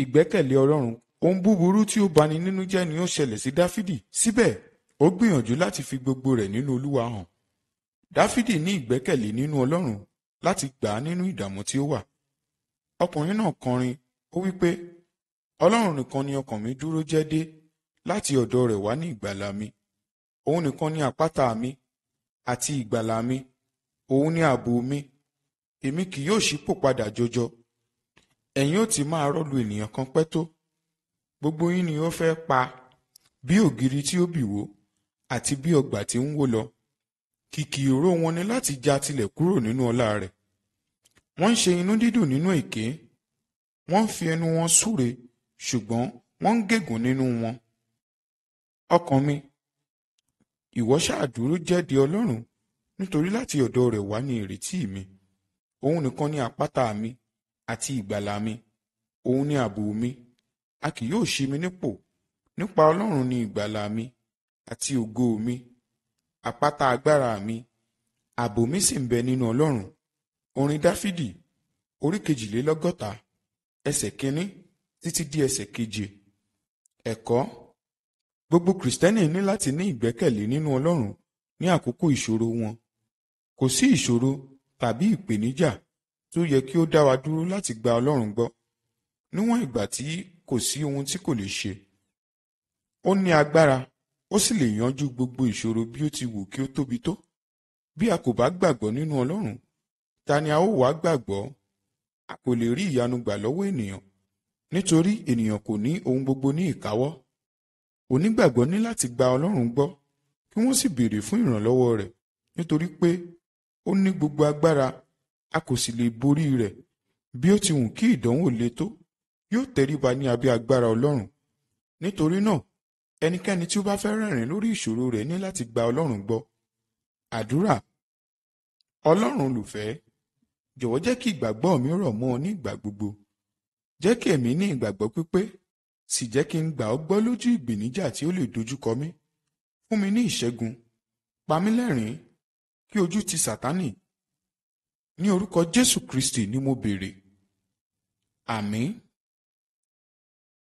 ìgbẹ́kẹ̀lé ọlọ́run ohun búburú tí ó bani nínú jẹ́ ni ó ṣẹlẹ̀ sí dáfídì síbẹ̀ ó gbìyànjú láti fi gbogbo rẹ̀ nínú olúwa hàn dáfídì ní ìgbẹ́kẹ̀lé nínú ọlọ́run láti gbà á nínú ìdààmú tí ó wà ọkùnrin náà kọrin ó wí pé ọlọ́run nìkan ni ọkàn mi dúró jẹ́ dé láti ọ̀dọ̀ rẹ̀ wá ní ìgbàlà mi òun nìkan ni àpáta mi àti ìgbàlà mi òun ni ààbò mi èmi kì yóò ṣípò padà jọjọ ẹ̀yin ò ti máa rọ́lu ènìyàn kan pẹ́ tó gbogbo yín ni ó fẹ́ pa bí ògiri tí ó bìwó àti bí ọgbà tí ń wó lọ kìkì ìró wọn ni láti ja tilẹ̀ kúrò nínú ọlá rẹ̀ wọ́n ń ṣe inú dídùn nínú èké wọ́n ń fi ẹnu wọn súre ṣùgbọ́n wọ́n ń gégùn nínú wọn ọkàn mi ìwọ ṣáàdúró jẹ́dìí Ọlọ́run nítorí láti ọ̀dọ̀ rẹ̀ wá ní ìrètí mi òun nìkan ni àpáta mi àti ìgbàlà mi òun ni ààbò mi a kì yóò ṣí mi nípò nípa ọlọ́run ni ìgbàlà mi àti ògo mi àpáta agbára mi ààbò mi sì ń bẹ nínú ọlọ́run orin dáfídì orí kejìlélọ́gọ́ta ẹsẹ̀ kínní títí di ẹsẹ̀ keje ẹ̀kọ́ gbogbo kìrìsìtẹ́nì ní láti ní ìgbẹ́kẹ̀lé nínú ọlọ́run ní àkókò ìṣòro wọn kò sí ìṣòro tàbí ìpèníjà tí ó yẹ kí ó dá wa dúró láti gba Ọlọ́run gbọ́ níwọ̀n ìgbà tí kò sí ohun tí kò lè ṣe. Ó ní agbára ó sì lè yanjú gbogbo ìṣòro bí ó ti wù kí ó tóbi tó. Bí a kò bá gbàgbọ́ nínú Ọlọ́run ta ni a ó wá gbàgbọ́ a kò lè rí ìyanu gbà lọ́wọ́ ènìyàn nítorí ènìyàn kò ní ohun gbogbo ní ìkáwọ́. Onígbàgbọ́ ní láti gba Ọlọ́run gbọ́ kí wọ́n sì béèrè fún ìrànlọ́wọ́ rẹ̀ nítorí pé ó ní gbogbo agbára a kò sì lè borí rẹ̀ bí ó ti wù kí ìdánwò le tó yóò tẹríba ní abẹ́ agbára ọlọ́run nítorí náà ẹnikẹ́ni tí ó bá fẹ́ rẹ́rìn lórí ìṣòro rẹ̀ ní láti gba ọlọ́run gbọ́ àdúrà ọlọ́run olùfẹ́ jọ̀wọ́ jẹ́ kí ìgbàgbọ́ mi rọ̀ mọ́ ọ ní ìgbà gbogbo jẹ́ kí èmi ní ìgbàgbọ́ pípé sì jẹ́ kí n gbà ọ́ gbọ́ lójú ìgbìníjà tí ó lè dojúkọ mí fún mi ní ìṣẹ́gun pa mí lẹ́rìn kí ojú ti sàtánì ní orúkọ Jésù Kristi ni mo béèrè àmín.